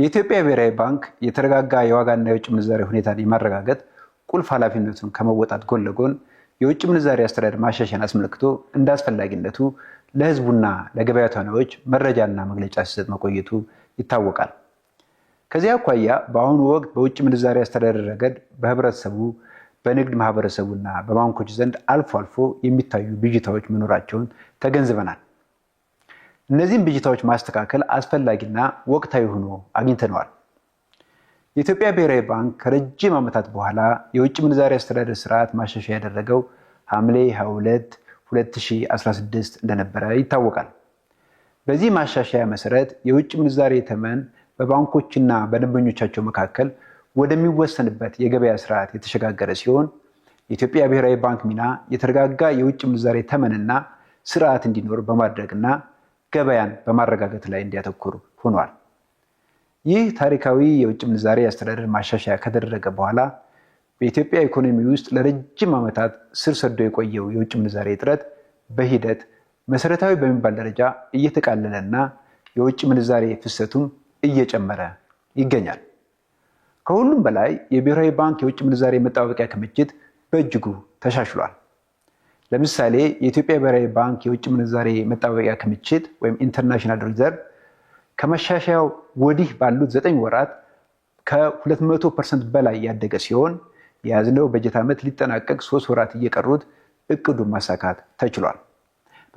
የኢትዮጵያ ብሔራዊ ባንክ የተረጋጋ የዋጋና የውጭ ምንዛሬ ሁኔታን የማረጋገጥ ቁልፍ ኃላፊነቱን ከመወጣት ጎን ለጎን የውጭ ምንዛሬ አስተዳደር ማሻሻን አስመልክቶ እንደ አስፈላጊነቱ ለሕዝቡና ለገበያ ተዋናዮች መረጃና መግለጫ ሲሰጥ መቆየቱ ይታወቃል። ከዚህ አኳያ በአሁኑ ወቅት በውጭ ምንዛሬ አስተዳደር ረገድ በህብረተሰቡ፣ በንግድ ማህበረሰቡና በባንኮች ዘንድ አልፎ አልፎ የሚታዩ ብዥታዎች መኖራቸውን ተገንዝበናል። እነዚህም ብዥታዎች ማስተካከል አስፈላጊና ወቅታዊ ሆኖ አግኝተነዋል። የኢትዮጵያ ብሔራዊ ባንክ ከረጅም ዓመታት በኋላ የውጭ ምንዛሪ አስተዳደር ስርዓት ማሻሻያ ያደረገው ሐምሌ 22 2016 እንደነበረ ይታወቃል። በዚህ ማሻሻያ መሰረት የውጭ ምንዛሬ ተመን በባንኮችና በደንበኞቻቸው መካከል ወደሚወሰንበት የገበያ ስርዓት የተሸጋገረ ሲሆን የኢትዮጵያ ብሔራዊ ባንክ ሚና የተረጋጋ የውጭ ምንዛሬ ተመንና ስርዓት እንዲኖር በማድረግና ገበያን በማረጋገጥ ላይ እንዲያተኩሩ ሆኗል። ይህ ታሪካዊ የውጭ ምንዛሬ አስተዳደር ማሻሻያ ከተደረገ በኋላ በኢትዮጵያ ኢኮኖሚ ውስጥ ለረጅም ዓመታት ስር ሰዶ የቆየው የውጭ ምንዛሬ እጥረት በሂደት መሰረታዊ በሚባል ደረጃ እየተቃለለ እና የውጭ ምንዛሬ ፍሰቱም እየጨመረ ይገኛል። ከሁሉም በላይ የብሔራዊ ባንክ የውጭ ምንዛሬ መጠባበቂያ ክምችት በእጅጉ ተሻሽሏል። ለምሳሌ የኢትዮጵያ ብሔራዊ ባንክ የውጭ ምንዛሬ መጣበቂያ ክምችት ወይም ኢንተርናሽናል ሪዘርቭ ከመሻሻያው ወዲህ ባሉት ዘጠኝ ወራት ከ200 ፐርሰንት በላይ ያደገ ሲሆን የያዝነው በጀት ዓመት ሊጠናቀቅ ሶስት ወራት እየቀሩት እቅዱን ማሳካት ተችሏል።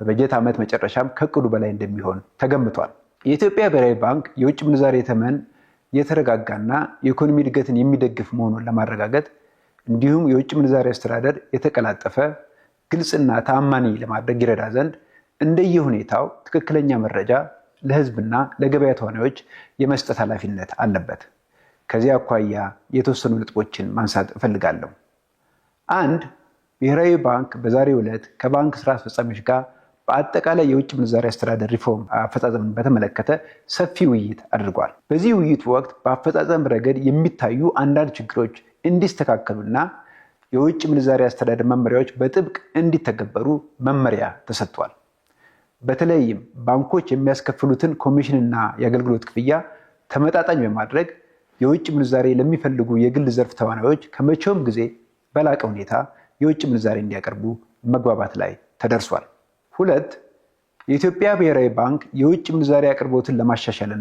በበጀት ዓመት መጨረሻም ከእቅዱ በላይ እንደሚሆን ተገምቷል። የኢትዮጵያ ብሔራዊ ባንክ የውጭ ምንዛሬ ተመን የተረጋጋና የኢኮኖሚ እድገትን የሚደግፍ መሆኑን ለማረጋገጥ እንዲሁም የውጭ ምንዛሬ አስተዳደር የተቀላጠፈ ግልጽና ታማኒ ለማድረግ ይረዳ ዘንድ እንደየ ሁኔታው ትክክለኛ መረጃ ለህዝብና ለገበያ ተዋናዮች የመስጠት ኃላፊነት አለበት። ከዚህ አኳያ የተወሰኑ ነጥቦችን ማንሳት እፈልጋለሁ። አንድ፣ ብሔራዊ ባንክ በዛሬው ዕለት ከባንክ ስራ አስፈጻሚዎች ጋር በአጠቃላይ የውጭ ምንዛሪ አስተዳደር ሪፎርም አፈጻጸምን በተመለከተ ሰፊ ውይይት አድርጓል። በዚህ ውይይት ወቅት በአፈጻጸም ረገድ የሚታዩ አንዳንድ ችግሮች እንዲስተካከሉና የውጭ ምንዛሪ አስተዳደር መመሪያዎች በጥብቅ እንዲተገበሩ መመሪያ ተሰጥቷል። በተለይም ባንኮች የሚያስከፍሉትን ኮሚሽንና የአገልግሎት ክፍያ ተመጣጣኝ በማድረግ የውጭ ምንዛሬ ለሚፈልጉ የግል ዘርፍ ተዋናዮች ከመቼውም ጊዜ በላቀ ሁኔታ የውጭ ምንዛሬ እንዲያቀርቡ መግባባት ላይ ተደርሷል። ሁለት የኢትዮጵያ ብሔራዊ ባንክ የውጭ ምንዛሬ አቅርቦትን ለማሻሻል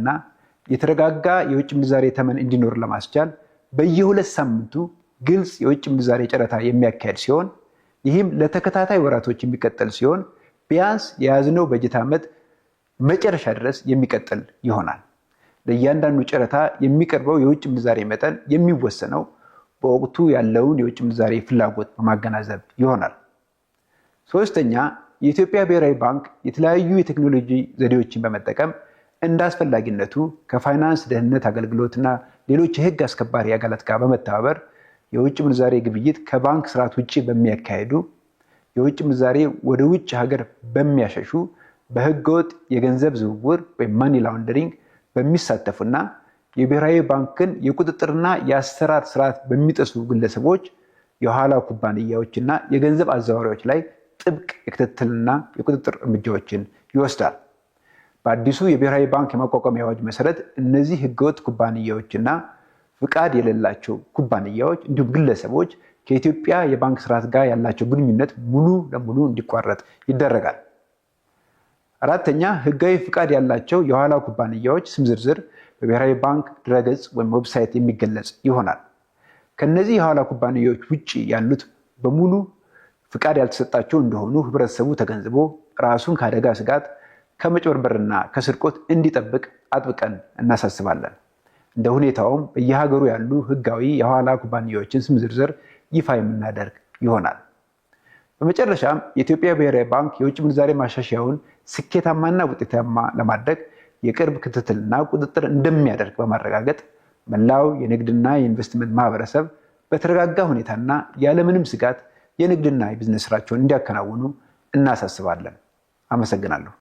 የተረጋጋ የውጭ ምንዛሬ ተመን እንዲኖር ለማስቻል በየሁለት ሳምንቱ ግልጽ የውጭ ምንዛሬ ጨረታ የሚያካሄድ ሲሆን ይህም ለተከታታይ ወራቶች የሚቀጠል ሲሆን ቢያንስ የያዝነው በጀት ዓመት መጨረሻ ድረስ የሚቀጥል ይሆናል። ለእያንዳንዱ ጨረታ የሚቀርበው የውጭ ምንዛሬ መጠን የሚወሰነው በወቅቱ ያለውን የውጭ ምንዛሬ ፍላጎት በማገናዘብ ይሆናል። ሶስተኛ፣ የኢትዮጵያ ብሔራዊ ባንክ የተለያዩ የቴክኖሎጂ ዘዴዎችን በመጠቀም እንደ አስፈላጊነቱ ከፋይናንስ ደህንነት አገልግሎትና ሌሎች የህግ አስከባሪ አካላት ጋር በመተባበር የውጭ ምንዛሬ ግብይት ከባንክ ስርዓት ውጭ በሚያካሄዱ የውጭ ምንዛሬ ወደ ውጭ ሀገር በሚያሸሹ በህገወጥ የገንዘብ ዝውውር ወይም ማኒ ላውንደሪንግ በሚሳተፉና የብሔራዊ ባንክን የቁጥጥርና የአሰራር ስርዓት በሚጠሱ ግለሰቦች፣ የኋላ ኩባንያዎችና የገንዘብ አዘዋዋሪዎች ላይ ጥብቅ የክትትልና የቁጥጥር እርምጃዎችን ይወስዳል። በአዲሱ የብሔራዊ ባንክ የማቋቋሚያ አዋጅ መሰረት እነዚህ ህገወጥ ኩባንያዎችና ፍቃድ የሌላቸው ኩባንያዎች እንዲሁም ግለሰቦች ከኢትዮጵያ የባንክ ስርዓት ጋር ያላቸው ግንኙነት ሙሉ ለሙሉ እንዲቋረጥ ይደረጋል። አራተኛ ህጋዊ ፍቃድ ያላቸው የኋላ ኩባንያዎች ስም ዝርዝር በብሔራዊ ባንክ ድረገጽ ወይም ዌብሳይት የሚገለጽ ይሆናል። ከነዚህ የኋላ ኩባንያዎች ውጭ ያሉት በሙሉ ፍቃድ ያልተሰጣቸው እንደሆኑ ህብረተሰቡ ተገንዝቦ ራሱን ከአደጋ ስጋት ከመጭበርበርና ከስርቆት እንዲጠብቅ አጥብቀን እናሳስባለን። እንደ ሁኔታውም በየሀገሩ ያሉ ህጋዊ የሐዋላ ኩባንያዎችን ስም ዝርዝር ይፋ የምናደርግ ይሆናል። በመጨረሻም የኢትዮጵያ ብሔራዊ ባንክ የውጭ ምንዛሬ ማሻሻያውን ስኬታማና ውጤታማ ለማድረግ የቅርብ ክትትልና ቁጥጥር እንደሚያደርግ በማረጋገጥ መላው የንግድና የኢንቨስትመንት ማህበረሰብ በተረጋጋ ሁኔታና ያለምንም ስጋት የንግድና የቢዝነስ ስራቸውን እንዲያከናውኑ እናሳስባለን። አመሰግናለሁ።